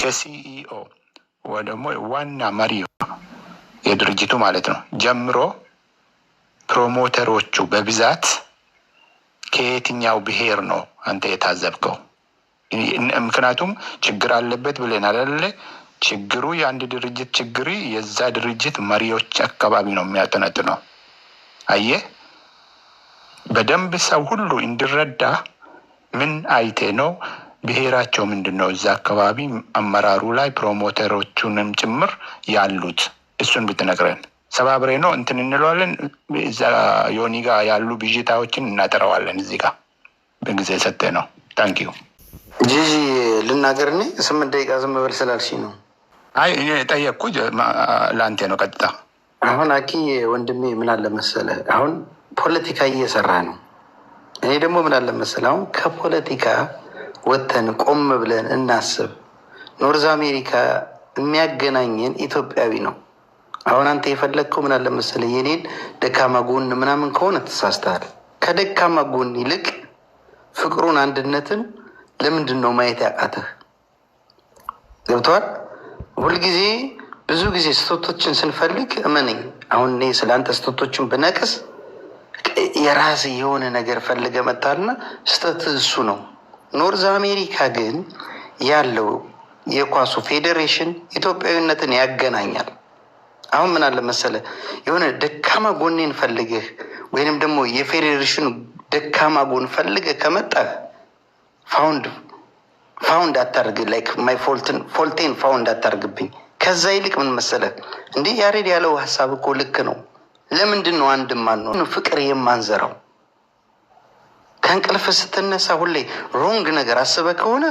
ከሲኢኦ ወይ ደግሞ ዋና መሪ የድርጅቱ ማለት ነው ጀምሮ ፕሮሞተሮቹ በብዛት ከየትኛው ብሄር ነው አንተ የታዘብከው? ምክንያቱም ችግር አለበት ብለን አላለ። ችግሩ የአንድ ድርጅት ችግር የዛ ድርጅት መሪዎች አካባቢ ነው የሚያጠነጥነው። አየህ፣ በደንብ ሰው ሁሉ እንዲረዳ ምን አይቴ ነው ብሔራቸው ምንድን ነው? እዛ አካባቢ አመራሩ ላይ ፕሮሞተሮቹንም ጭምር ያሉት እሱን ብትነግረን ሰባብሬ ነው እንትን እንለዋለን። እዛ ዮኒ ጋ ያሉ ብዥታዎችን እናጠረዋለን። እዚህ ጋ በጊዜ ሰጠ ነው። ታንኪዩ ጂጂ ልናገር እኔ ስምንት ደቂቃ ዝም በል ስላልሽኝ ነው። አይ እኔ ጠየቅኩ ለአንቴ ነው ቀጥታ። አሁን አኪ ወንድሜ ምን አለ መሰለ አሁን ፖለቲካ እየሰራ ነው። እኔ ደግሞ ምን አለ መሰለ አሁን ከፖለቲካ ወጥተን ቆም ብለን እናስብ። ኖርዝ አሜሪካ የሚያገናኘን ኢትዮጵያዊ ነው። አሁን አንተ የፈለግከው ምን አለ መሰለህ የኔን ደካማ ጎን ምናምን ከሆነ ተሳስተሃል። ከደካማ ጎን ይልቅ ፍቅሩን፣ አንድነትን ለምንድን ነው ማየት ያቃተህ? ገብተዋል። ሁልጊዜ ብዙ ጊዜ ስህተቶችን ስንፈልግ እመነኝ፣ አሁን እኔ ስለ አንተ ስህተቶችን ብነቅስ የራስ የሆነ ነገር ፈልገ መጣልና ስተት እሱ ነው። ኖርዝ አሜሪካ ግን ያለው የኳሱ ፌዴሬሽን ኢትዮጵያዊነትን ያገናኛል። አሁን ምን አለ መሰለ የሆነ ደካማ ጎኔን ፈልግህ ወይንም ደግሞ የፌዴሬሽኑ ደካማ ጎን ፈልገህ ከመጣህ ፋውንድ ፋውንድ አታርግ ላይክ ማይ ፎልትን ፎልቴን ፋውንድ አታርግብኝ። ከዛ ይልቅ ምን መሰለ እንዲህ ያሬድ ያለው ሀሳብ እኮ ልክ ነው። ለምንድን ነው አንድ ማን ነው ፍቅር የማንዘራው? ከእንቅልፍ ስትነሳ ሁሌ ሮንግ ነገር አስበ ከሆነ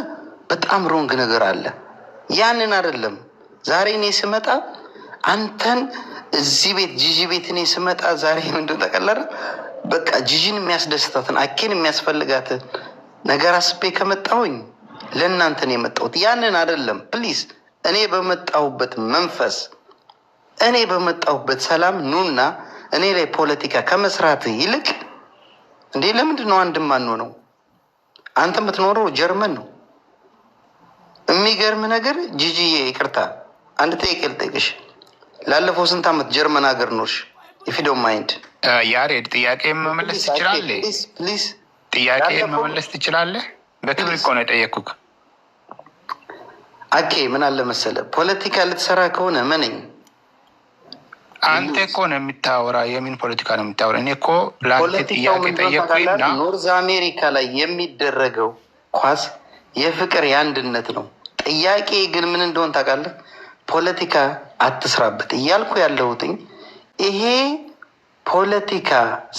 በጣም ሮንግ ነገር አለ። ያንን አይደለም ዛሬ እኔ ስመጣ አንተን እዚህ ቤት ጂጂ ቤት እኔ ስመጣ ዛሬ ምንድን ተቀለረ በቃ ጂጂን የሚያስደስታትን አኬን የሚያስፈልጋትን ነገር አስቤ ከመጣሁኝ ለእናንተን የመጣሁት ያንን አይደለም። ፕሊዝ እኔ በመጣሁበት መንፈስ እኔ በመጣሁበት ሰላም ኑና እኔ ላይ ፖለቲካ ከመስራት ይልቅ እንዴ ለምንድን ነው አንድ ነው? አንተ የምትኖረው ጀርመን ነው። የሚገርም ነገር ጂጂዬ፣ ይቅርታ አንድ ጠይቄ ልጠይቅሽ። ላለፈው ስንት ዓመት ጀርመን ሀገር ኖርሽ? ኢፊዶ ማይንድ ያሬድ፣ ጥያቄ መመለስ ትችላለህ? ፕሊዝ፣ ጥያቄ መመለስ ትችላለህ? በክብር እኮ ነው የጠየኩህ። አኬ ምን አለ መሰለህ፣ ፖለቲካ ልትሰራ ከሆነ መነኝ አንተ እኮ ነው የምታወራ። የምን ፖለቲካ ነው የምታወራ? እኔ እኮ ለአንተ ጥያቄ ጠየቅኩኝና ኖርዝ አሜሪካ ላይ የሚደረገው ኳስ የፍቅር የአንድነት ነው። ጥያቄ ግን ምን እንደሆን ታውቃለህ? ፖለቲካ አትስራበት እያልኩ ያለሁትኝ ይሄ ፖለቲካ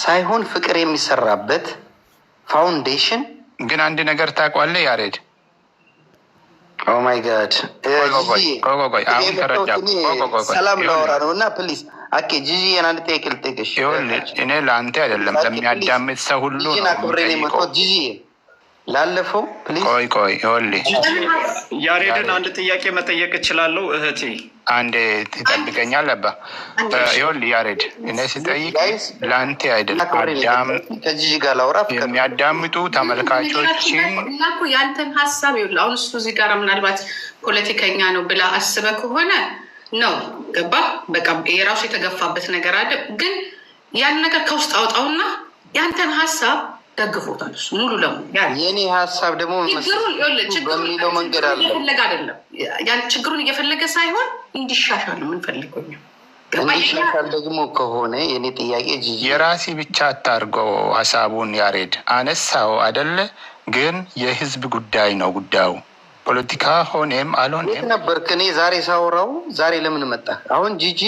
ሳይሆን ፍቅር የሚሰራበት ፋውንዴሽን። ግን አንድ ነገር ታውቋለህ ያሬድ ኦማይ ጋድ ሰላም ላወራ ነው እና ፕሊዝ አኬ ጂጂን አንድ ጥያቄ ልጠይቅሽ። እኔ ለአንተ አይደለም ለሚያዳምጥ ሰው ሁሉ ነው ጂጂ ላለፈው ቆይ ቆይ ያሬድን አንድ ጥያቄ መጠየቅ እችላለሁ? እህቴ አንድ ትጠብቀኛል? አባ ይኸውልህ ያሬድ እነ ስጠይቅ ለአንቴ አይደለም የሚያዳምጡ ተመልካቾችን እናኩ የአንተን ሀሳብ ይሉ አሁን እሱ እዚህ ጋር ምናልባት ፖለቲከኛ ነው ብላ አስበ ከሆነ ነው ገባ፣ በቃ የራሱ የተገፋበት ነገር አለ። ግን ያን ነገር ከውስጥ አውጣውና ያንተን ሀሳብ ደግፎታል ሙሉ ለሙሉ። የኔ ሀሳብ ደግሞ በሚለው መንገድ እየፈለገ አይደለም፣ ችግሩን እየፈለገ ሳይሆን እንዲሻሻል ነው የምንፈልገው። እንዲሻሻል ደግሞ ከሆነ የኔ ጥያቄ የራሲ ብቻ አታርገው ሀሳቡን። ያሬድ አነሳው አደለ? ግን የህዝብ ጉዳይ ነው ጉዳዩ ፖለቲካ ሆኔም አልሆኔም ነበርክ። እኔ ዛሬ ሳውራው ዛሬ ለምን መጣ? አሁን ጂጂ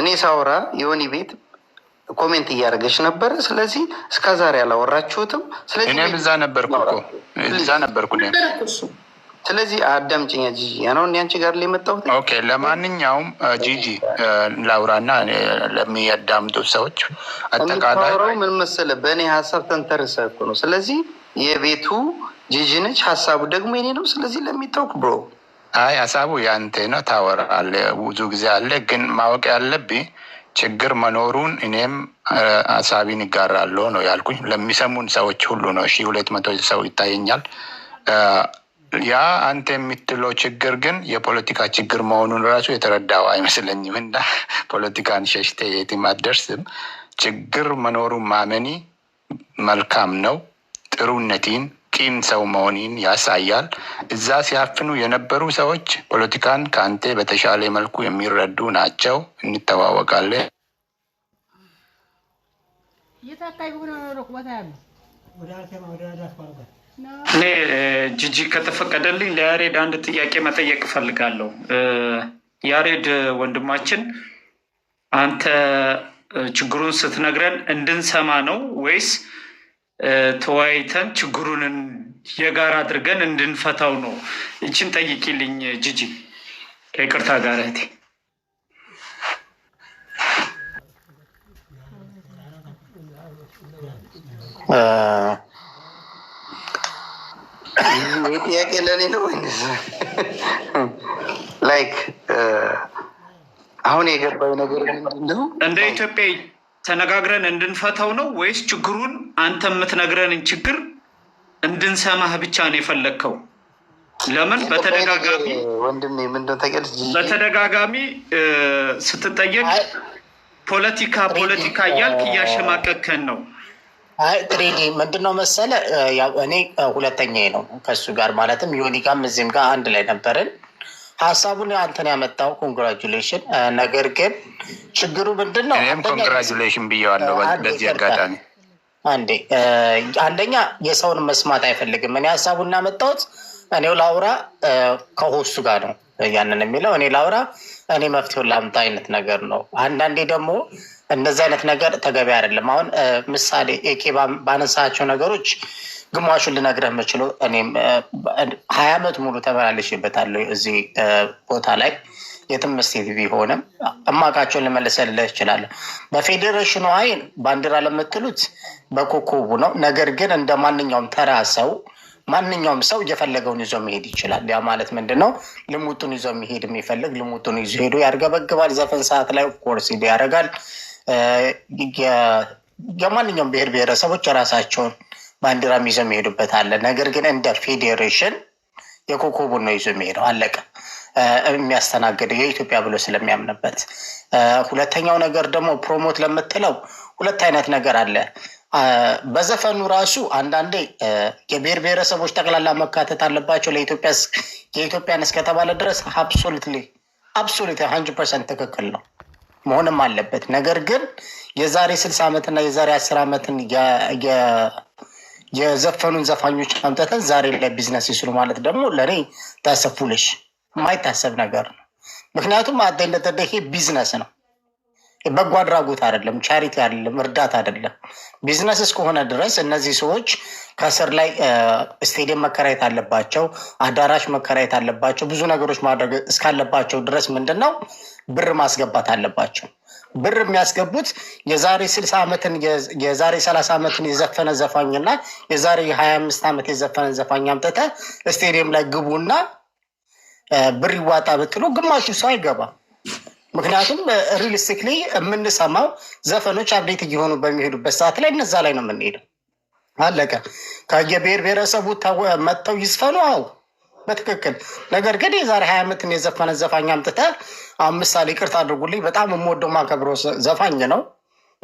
እኔ ሳውራ የሆኒ ቤት ኮሜንት እያደረገች ነበረ። ስለዚህ እስከ ዛሬ አላወራችሁትም። እኔም እዛ ነበርኩ እኮ እዛ ነበርኩ። ስለዚህ አዳምጪኝ ጂጂ፣ ነው እኔ አንቺ ጋር ላይ የመጣሁት። ኦኬ፣ ለማንኛውም ጂጂ ላውራና ለሚያዳምጡ ሰዎች አጠቃላይ ምን መሰለህ፣ በእኔ ሀሳብ ተንተርሰ እኮ ነው። ስለዚህ የቤቱ ጂጂ ነች፣ ሀሳቡ ደግሞ የኔ ነው። ስለዚህ ለሚታወቅ ብሮ አይ ሀሳቡ የአንተ ነው። ታወራለህ ብዙ ጊዜ አለ። ግን ማወቅ ያለብኝ ችግር መኖሩን እኔም ሀሳቢን ይጋራለሁ ነው ያልኩኝ። ለሚሰሙን ሰዎች ሁሉ ነው። ሺ ሁለት መቶ ሰው ይታየኛል። ያ አንተ የምትለው ችግር ግን የፖለቲካ ችግር መሆኑን ራሱ የተረዳው አይመስለኝም እና ፖለቲካን ሸሽተ የትም አትደርስም። ችግር መኖሩን ማመኒ መልካም ነው። ጥሩነትን ቂም ሰው መሆኔን ያሳያል። እዛ ሲያፍኑ የነበሩ ሰዎች ፖለቲካን ከአንተ በተሻለ መልኩ የሚረዱ ናቸው። እንተዋወቃለን። እኔ ጂጂ ከተፈቀደልኝ ለያሬድ አንድ ጥያቄ መጠየቅ እፈልጋለሁ። ያሬድ ወንድማችን አንተ ችግሩን ስትነግረን እንድንሰማ ነው ወይስ ተወያይተን ችግሩን የጋራ አድርገን እንድንፈታው ነው። ይችን ጠይቂልኝ ጂጂ፣ ከይቅርታ ጋር እህቴ። ይህ ጥያቄ ለእኔ ነው ወይ? ላይክ አሁን የገባው ነገር ምንድን ነው እንደ ኢትዮጵያ ተነጋግረን እንድንፈተው ነው ወይስ ችግሩን አንተ የምትነግረንን ችግር እንድንሰማህ ብቻ ነው የፈለግከው? ለምን በተደጋጋሚ በተደጋጋሚ ስትጠየቅ ፖለቲካ ፖለቲካ እያልክ እያሸማቀከን ነው። ትሬዲ ምንድነው መሰለ እኔ ሁለተኛ ነው ከእሱ ጋር ማለትም ዮኒ እዚህም ጋር አንድ ላይ ነበርን። ሀሳቡን አንተን ያመጣው ኮንግራጁሌሽን። ነገር ግን ችግሩ ምንድን ነው? እኔም ኮንግራጁሌሽን ብዬዋለሁ በዚህ አጋጣሚ አንዴ። አንደኛ የሰውን መስማት አይፈልግም። እኔ ሀሳቡን እናመጣሁት እኔው ላውራ ከሆሱ ጋር ነው ያንን የሚለው እኔ ላውራ እኔ መፍትሄውን ላምጣ አይነት ነገር ነው። አንዳንዴ ደግሞ እንደዚህ አይነት ነገር ተገቢ አይደለም። አሁን ምሳሌ ኤኬ ባነሳቸው ነገሮች ግማሹን ልነግረህ የምችለው እኔም ሀያ አመት ሙሉ ተመላለሽበታለሁ እዚህ ቦታ ላይ የትም ስቴት ቢሆንም እማቃቸውን ልመልሰልህ እችላለሁ። በፌዴሬሽኑ አይን ባንዲራ ለምትሉት በኮከቡ ነው። ነገር ግን እንደ ማንኛውም ተራ ሰው ማንኛውም ሰው እየፈለገውን ይዞ መሄድ ይችላል። ያ ማለት ምንድን ነው? ልሙጡን ይዞ መሄድ የሚፈልግ ልሙጡን ይዞ ሄዶ ያርገበግባል። ዘፈን ሰዓት ላይ ኮርስ ሄዶ ያደርጋል። የማንኛውም ብሔር ብሔረሰቦች የራሳቸውን ባንዲራም ይዘው የሚሄዱበት አለ። ነገር ግን እንደ ፌዴሬሽን የኮከቡን ነው ይዞ የሚሄደው አለቀ። የሚያስተናግደው የኢትዮጵያ ብሎ ስለሚያምንበት። ሁለተኛው ነገር ደግሞ ፕሮሞት ለምትለው ሁለት አይነት ነገር አለ። በዘፈኑ ራሱ አንዳንዴ የብሔር ብሔረሰቦች ጠቅላላ መካተት አለባቸው የኢትዮጵያን እስከተባለ ድረስ አብሶሉትሊ አብሶሉት ሀንድረድ ፐርሰንት ትክክል ነው መሆንም አለበት። ነገር ግን የዛሬ ስልሳ ዓመትና የዛሬ አስር ዓመትን የዘፈኑን ዘፋኞች አምጥተን ዛሬ ላይ ቢዝነስ ይስሉ ማለት ደግሞ ለእኔ ታሰፉልሽ የማይታሰብ ነገር ነው። ምክንያቱም ይሄ ቢዝነስ ነው፣ በጎ አድራጎት አይደለም፣ ቻሪቲ አይደለም፣ እርዳታ አይደለም። ቢዝነስ እስከሆነ ድረስ እነዚህ ሰዎች ከስር ላይ ስቴዲየም መከራየት አለባቸው፣ አዳራሽ መከራየት አለባቸው፣ ብዙ ነገሮች ማድረግ እስካለባቸው ድረስ ምንድን ነው ብር ማስገባት አለባቸው። ብር የሚያስገቡት የዛሬ ስልሳ ዓመትን የዛሬ ሰላሳ ዓመትን የዘፈነ ዘፋኝ እና የዛሬ የሀያ አምስት ዓመት የዘፈነ ዘፋኝ አምጥተህ ስቴዲየም ላይ ግቡና ብር ይዋጣ ብትሉ ግማሹ ሰው አይገባም። ምክንያቱም ሪሊስቲክሊ የምንሰማው ዘፈኖች አብዴት እየሆኑ በሚሄዱበት ሰዓት ላይ እነዛ ላይ ነው የምንሄደው። አለቀ። ከየብሔር ብሔረሰቡ መጥተው ይዝፈኑ አው በትክክል ነገር ግን የዛሬ ሀያ ዓመትን የዘፈነ ዘፋኝ አምጥተ አሁን ምሳሌ ቅርት አድርጉልኝ፣ በጣም የምወደው ማከብሮ ዘፋኝ ነው።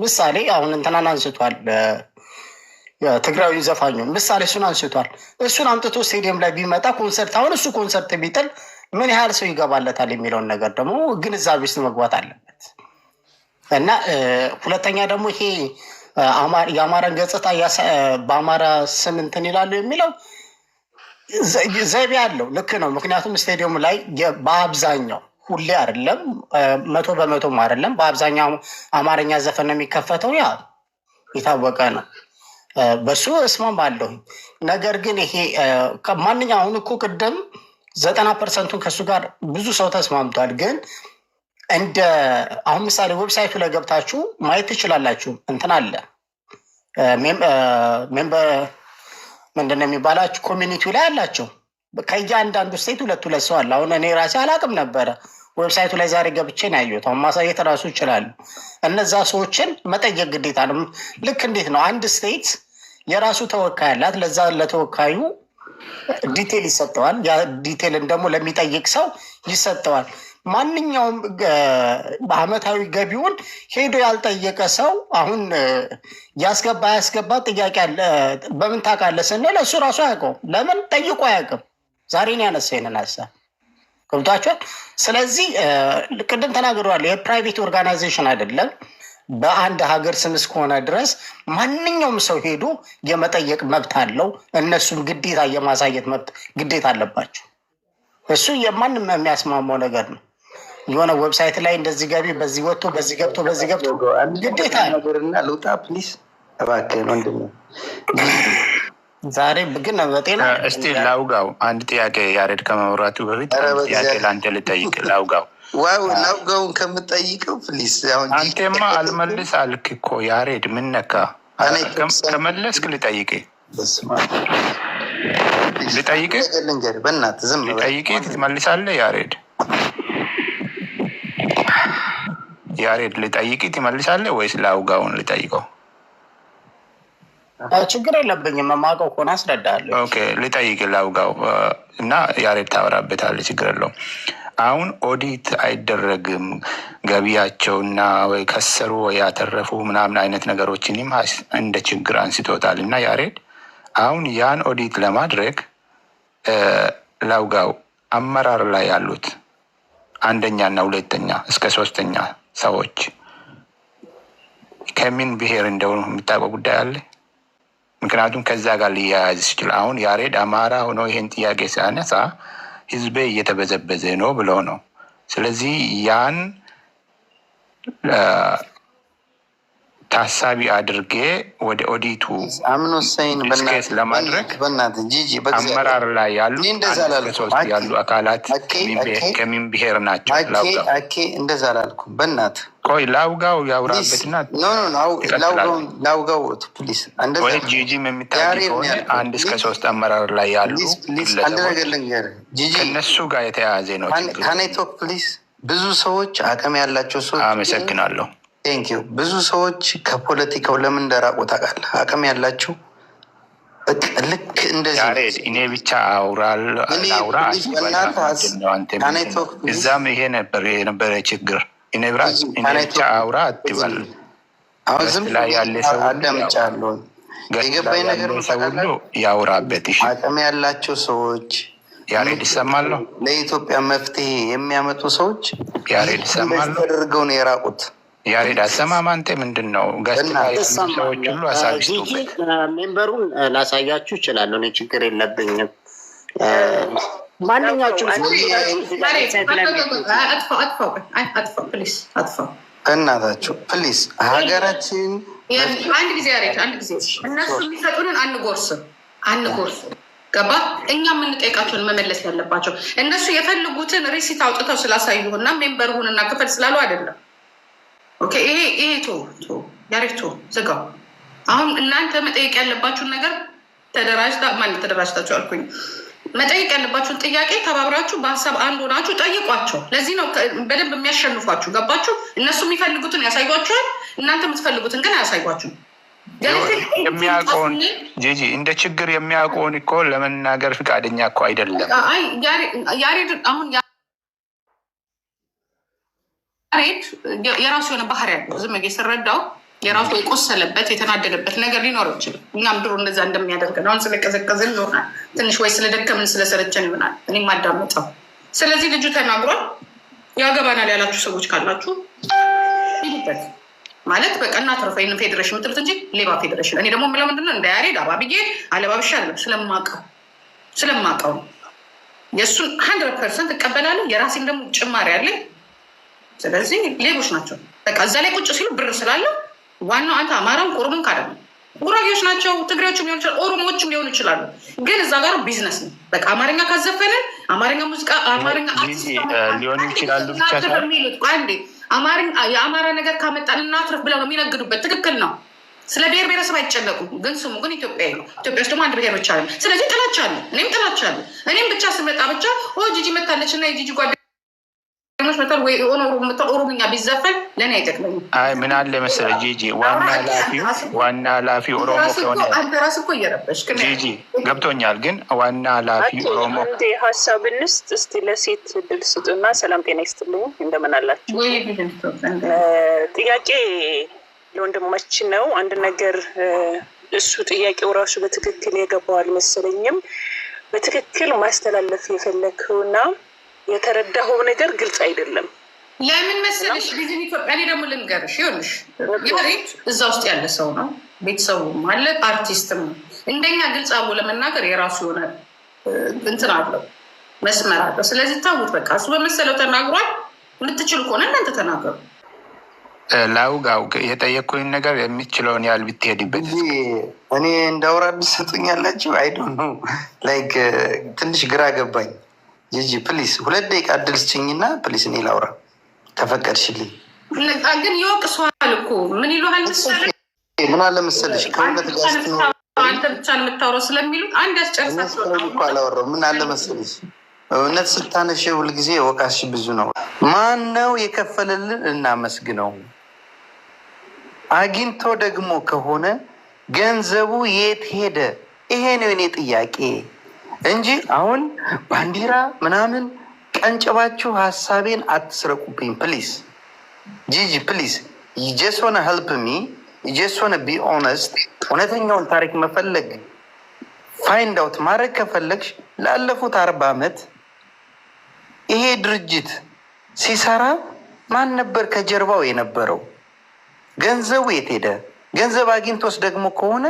ምሳሌ አሁን እንትናን አንስቷል፣ ትግራዊ ዘፋኙ ምሳሌ እሱን አንስቷል። እሱን አምጥቶ ስቴዲየም ላይ ቢመጣ ኮንሰርት፣ አሁን እሱ ኮንሰርት ቢጥል ምን ያህል ሰው ይገባለታል የሚለውን ነገር ደግሞ ግንዛቤ ውስጥ መግባት አለበት እና ሁለተኛ ደግሞ ይሄ የአማራን ገጽታ በአማራ ስም እንትን ይላሉ የሚለው ዘይቤ አለው። ልክ ነው። ምክንያቱም ስቴዲየሙ ላይ በአብዛኛው ሁሌ አይደለም፣ መቶ በመቶም አይደለም፣ በአብዛኛው አማርኛ ዘፈን ነው የሚከፈተው። ያ የታወቀ ነው። በሱ እስማማለሁ። ነገር ግን ይሄ አሁን እኮ ቅድም ዘጠና ፐርሰንቱን ከእሱ ጋር ብዙ ሰው ተስማምቷል። ግን እንደ አሁን ምሳሌ ዌብሳይቱ ላይ ገብታችሁ ማየት ትችላላችሁ። እንትን አለ ምንድነው የሚባላችሁ ኮሚኒቲው ላይ አላቸው። ከእያንዳንዱ ስቴት ሁለት ሁለት ሰው አለ። አሁን እኔ ራሴ አላቅም ነበረ። ዌብሳይቱ ላይ ዛሬ ገብቼ ነው ያየሁት። አሁን ማሳየት ራሱ ይችላሉ። እነዛ ሰዎችን መጠየቅ ግዴታ ነው። ልክ እንዴት ነው አንድ ስቴት የራሱ ተወካይ አላት። ለዛ ለተወካዩ ዲቴል ይሰጠዋል። ያ ዲቴልን ደግሞ ለሚጠይቅ ሰው ይሰጠዋል። ማንኛውም በአመታዊ ገቢውን ሄዶ ያልጠየቀ ሰው አሁን ያስገባ ያስገባ ጥያቄ አለ። በምን ታውቃለህ ስንል እሱ ራሱ አያውቀውም። ለምን ጠይቆ አያውቅም። ዛሬ ነው ያነሳ ይንን ሀሳብ ገብቷቸዋል። ስለዚህ ቅድም ተናግረዋል። የፕራይቬት ኦርጋናይዜሽን አይደለም። በአንድ ሀገር ስም እስከሆነ ድረስ ማንኛውም ሰው ሄዶ የመጠየቅ መብት አለው። እነሱም ግዴታ የማሳየት መብት ግዴታ አለባቸው። እሱ የማንም የሚያስማማው ነገር ነው። የሆነ ዌብሳይት ላይ እንደዚህ ገቢ በዚህ ወጥቶ በዚህ ገብቶ በዚህ ገብቶ ግዴታ ነገርና ልውጣ ፕሊስ እባክህን ወንድም። ዛሬ ግን በጤና እስቲ ላውጋው አንድ ጥያቄ ያሬድ ከመምራቱ በፊት ጥያቄ ለአንተ ልጠይቅ ላውጋው ዋው ላውጋውን ከምጠይቀው ፕሊስ። አንቴማ አልመልስ አልክ እኮ ያሬድ፣ ምን ነካ? ከመለስክ ልጠይቅ ልጠይቅ ልጠይቅ ትመልሳለህ ያሬድ ያሬድ ልጠይቅ ትመልሳለህ ወይስ ለአውጋውን ልጠይቀው? ችግር የለብኝም። የማውቀው ከሆነ አስረዳለሁ። ኦኬ ልጠይቅ ለአውጋው እና ያሬድ ታወራበታለህ። ችግር የለውም። አሁን ኦዲት አይደረግም። ገቢያቸው እና ወይ ከሰሩ ወይ ያተረፉ ምናምን አይነት ነገሮችንም እንደ ችግር አንስቶታል እና ያሬድ አሁን ያን ኦዲት ለማድረግ ላውጋው አመራር ላይ ያሉት አንደኛና ሁለተኛ እስከ ሶስተኛ ሰዎች ከምን ብሔር እንደሆኑ የሚታወቀው ጉዳይ አለ። ምክንያቱም ከዛ ጋር ሊያያዝ ይችላል። አሁን ያሬድ አማራ ሆኖ ይሄን ጥያቄ ሲያነሳ ህዝቤ እየተበዘበዘ ነው ብሎ ነው። ስለዚህ ያን ታሳቢ አድርጌ ወደ ኦዲቱ ስኬት ለማድረግ አመራር ላይ ያሉ ሶስት ያሉ አካላት ከሚን ብሔር ናቸው። እንደዛ አላልኩም። በእናት ቆይ ላውጋው ያውራበትና ላውጋው ፕሊስ። ወይ ጂጂም የሚታይ ከሆነ አንድ እስከ ሶስት አመራር ላይ ያሉ ከነሱ ጋር የተያያዘ ነው። ፕሊስ ብዙ ሰዎች አቅም ያላቸው ሰዎች አመሰግናለሁ። ቴንኪው። ብዙ ሰዎች ከፖለቲካው ለምን እንደራቁ ታውቃለህ? አቅም ያላችሁ ልክ እንደዚህ እኔ ብቻ አውራራእዛም ይሄ ነበር የነበረ ችግር። እኔ ብቻ አውራ አትበል። አሁን ላይ ያለ ሰው አዳምጫለሁ። የገባኝ ነገር ያውራበት። አቅም ያላቸው ሰዎች ያሬድ ይሰማለሁ። ለኢትዮጵያ መፍትሄ የሚያመጡ ሰዎች ያሬድ ይሰማለሁ አድርገው ነው የራቁት ያሬድ አሰማማ አንተ ምንድን ነው? ጋስሰዎች ሁሉ አሳቢስቱ ሜምበሩን ላሳያችሁ ይችላሉ። እኔ ችግር የለብኝም። ማንኛችሁም እናታችሁ ፕሊስ፣ ሀገራችን አንድ ጊዜ ያሬድ፣ አንድ ጊዜ እነሱ የሚሰጡንን አንጎርስም፣ አንጎርስም ገባ እኛ የምንጠይቃቸውን መመለስ ያለባቸው እነሱ የፈልጉትን ሪሲት አውጥተው ስላሳዩ እና ሜምበር ሁንና ክፈል ስላሉ አይደለም ይሄ ቶ ዝጋው። አሁን እናንተ መጠየቅ ያለባችሁን ነገር ተደራጅታ ማን ተደራጅታችሁ አልኩኝ። መጠየቅ ያለባችሁን ጥያቄ ተባብራችሁ በሀሳብ አንድ ሆናችሁ ጠይቋቸው። ለዚህ ነው በደንብ የሚያሸንፏችሁ። ገባችሁ? እነሱ የሚፈልጉትን ያሳዩችኋል፣ እናንተ የምትፈልጉትን ግን አያሳዩችሁም። የሚያውቀውን ጂጂ እንደ ችግር የሚያውቀውን እኮ ለመናገር ፍቃደኛ እኮ አይደለም ያሬድ አሁን ያሬድ የራሱ የሆነ ባህሪ ያለው ዝም ስረዳው የራሱ የቆሰለበት የተናደደበት ነገር ሊኖር ይችላል። እኛም ድሮ እንደዛ እንደሚያደርግ አሁን ስለቀዘቀዝን ይሆናል ትንሽ ወይ ስለደከምን ስለሰለቸን ይሆናል። እኔ ማዳመጠው ስለዚህ ልጁ ተናግሯል። ያገባናል ያላችሁ ሰዎች ካላችሁ ሂዱበት ማለት በቃ እናትረፈይን ፌዴሬሽን ምጥሉት እንጂ ሌባ ፌዴሬሽን። እኔ ደግሞ ምለው ምንድነው እንደ ያሬድ አባብዬ አለባብሻ አለ ስለማቀው ስለማቀው የእሱን ሀንድረድ ፐርሰንት እቀበላለሁ። የራሴም ደግሞ ጭማሪ አለኝ ስለዚህ ሌቦች ናቸው። በቃ እዛ ላይ ቁጭ ሲሉ ብር ስላለው ዋናው አንተ አማራም ኦሮሞን ካደ ጉራጌዎች ናቸው፣ ትግሬዎችም ሊሆን ይችላል፣ ኦሮሞዎችም ሊሆኑ ይችላሉ። ግን እዛ ጋር ቢዝነስ ነው። በቃ አማርኛ ካዘፈነ አማርኛ ሙዚቃ አማርኛ ሊሆኑ ይችላሉ ብቻ የአማራ ነገር ካመጣን እናትረፍ ብለው የሚነግዱበት። ትክክል ነው። ስለ ብሔር ብሔረሰብ አይጨነቁም። ግን ስሙ ግን ኢትዮጵያ ነው። ኢትዮጵያ ውስጥ ደግሞ አንድ ብሔር ብቻ አለ። ስለዚህ ጥላቻ አለ። እኔም ጥላቻ አለ። እኔም ብቻ ስመጣ ብቻ ጂጂ መታለች እና የጂጂ ጓደ ኦሮሞች በተል ወይ የሆነ ኦሮምኛ ቢዘፈን ለእኔ አይጠቅመኝም። አይ ምን አለ መሰለ ጂጂ ዋና ላፊ ዋና ላፊ ኦሮሞ ከሆነ አንተ ራስህ እኮ እየረበሽ ጂጂ ገብቶኛል። ግን ዋና ላፊ ኦሮሞ ሀሳብ እንስጥ እስቲ ለሴት ድል ስጡና፣ ሰላም ጤና ይስጥልኝ እንደምን አላችሁ? ጥያቄ ለወንድማችን ነው። አንድ ነገር እሱ ጥያቄው ራሱ በትክክል የገባው አልመሰለኝም። በትክክል ማስተላለፍ የፈለግኸውና የተረዳኸው ነገር ግልጽ አይደለም። ለምን መሰለሽ ቢዝን ኢትዮጵያ እኔ ደግሞ ልንገርሽ ይሆንሽ የሬት እዛ ውስጥ ያለ ሰው ነው፣ ቤተሰቡም አለ፣ አርቲስትም ነው። እንደኛ ግልጽ አቦ ለመናገር የራሱ የሆነ እንትን አለው መስመር አለው። ስለዚህ ታውት በቃ እሱ በመሰለው ተናግሯል። የምትችል ከሆነ እናንተ ተናገሩ። ላውግ አውግ የጠየኩኝ ነገር የሚችለውን ያህል ብትሄድበት እኔ እንዳውራ ሰጡኛላችሁ አይዶ ነው ላይክ ትንሽ ግራ ገባኝ። ጂጂ ፕሊስ ሁለት ደቂቃ እድል ስጭኝና ፕሊስ እኔ ላውራ ከፈቀድሽልኝ። ግን ይወቅሰዋል እኮ ምን ይሉሃል ምን አለ መሰለሽ ከሁለት ጋር አንተ ብቻ የምታወራው ስለሚሉት አንድ አላወራሁም። ምን አለ መሰለሽ እውነት ስታነሽ ሁልጊዜ ወቃሽ ብዙ ነው። ማን ነው የከፈለልን እናመስግነው። አግኝቶ ደግሞ ከሆነ ገንዘቡ የት ሄደ? ይሄ ነው የኔ ጥያቄ። እንጂ አሁን ባንዲራ ምናምን ቀንጭባችሁ ሀሳቤን አትስረቁብኝ። ፕሊዝ ጂጂ ፕሊዝ ጀሶነ ሄልፕ ሚ ጀሶነ ቢ ኦነስት። እውነተኛውን ታሪክ መፈለግ ፋይንድ አውት ማድረግ ከፈለግሽ ላለፉት አርባ ዓመት ይሄ ድርጅት ሲሰራ ማን ነበር ከጀርባው የነበረው? ገንዘቡ የት ሄደ? ገንዘብ አግኝቶስ ደግሞ ከሆነ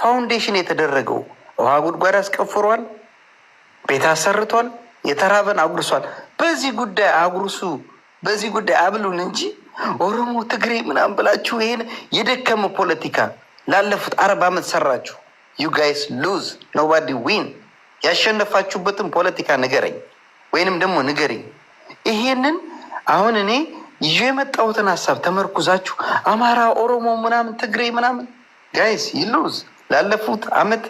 ፋውንዴሽን የተደረገው ውሃ ጉድጓድ አስቀፍሯል፣ ቤት አሰርቷል፣ የተራበን አጉርሷል። በዚህ ጉዳይ አጉርሱ፣ በዚህ ጉዳይ አብሉን እንጂ ኦሮሞ፣ ትግሬ ምናምን ብላችሁ ይሄን የደከመ ፖለቲካ ላለፉት አርባ ዓመት ሰራችሁ። ዩ ጋይስ ሉዝ ኖባዲ ዊን። ያሸነፋችሁበትን ፖለቲካ ንገረኝ፣ ወይንም ደግሞ ንገረኝ። ይሄንን አሁን እኔ ይዤ የመጣሁትን ሀሳብ ተመርኩዛችሁ አማራ፣ ኦሮሞ ምናምን ትግሬ ምናምን ጋይስ ይሉዝ ላለፉት አመት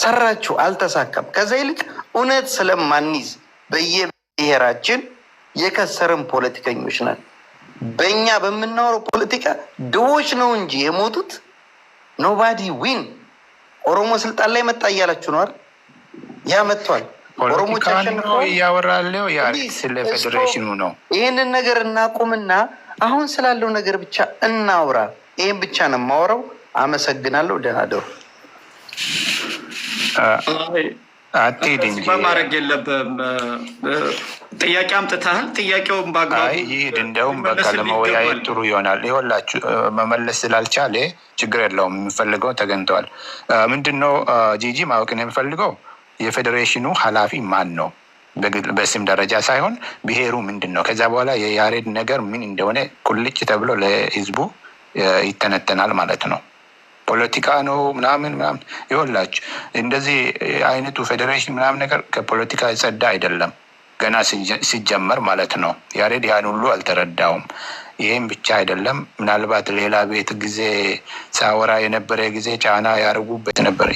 ሰራችሁ፣ አልተሳካም። ከዛ ይልቅ እውነት ስለማንይዝ በየብሔራችን የከሰርን ፖለቲከኞች ነን። በእኛ በምናወረው ፖለቲካ ድሆች ነው እንጂ የሞቱት ኖባዲ ዊን። ኦሮሞ ስልጣን ላይ መጣ እያላችሁ ነው አይደል? ያ መጥቷል። ይህንን ነገር እናቁምና አሁን ስላለው ነገር ብቻ እናውራ። ይህን ብቻ ነው የማወራው። አመሰግናለሁ። ደህና ደሩ። አትሄድ እንጂ ማድረግ የለብህም። ጥያቄ አምጥተሃል። ጥያቄውን በአግባቡ ይሄድ። እንደውም በቃ ለመወያየት ጥሩ ይሆናል። ይኸውላችሁ መመለስ ስላልቻለ ችግር የለውም። የሚፈልገው ተገኝተዋል። ምንድን ነው ጂጂ ማወቅ ነው የምፈልገው የፌዴሬሽኑ ኃላፊ ማን ነው? በስም ደረጃ ሳይሆን ብሔሩ ምንድን ነው? ከዛ በኋላ የያሬድ ነገር ምን እንደሆነ ኩልጭ ተብሎ ለህዝቡ ይተነተናል ማለት ነው። ፖለቲካ ነው ምናምን ምናምን ይሆላችሁ። እንደዚህ አይነቱ ፌዴሬሽን ምናምን ነገር ከፖለቲካ የጸዳ አይደለም ገና ሲጀመር ማለት ነው። ያሬድ ያን ሁሉ አልተረዳውም። ይህም ብቻ አይደለም። ምናልባት ሌላ ቤት ጊዜ ሳወራ የነበረ ጊዜ ጫና ያደርጉበት ነበር።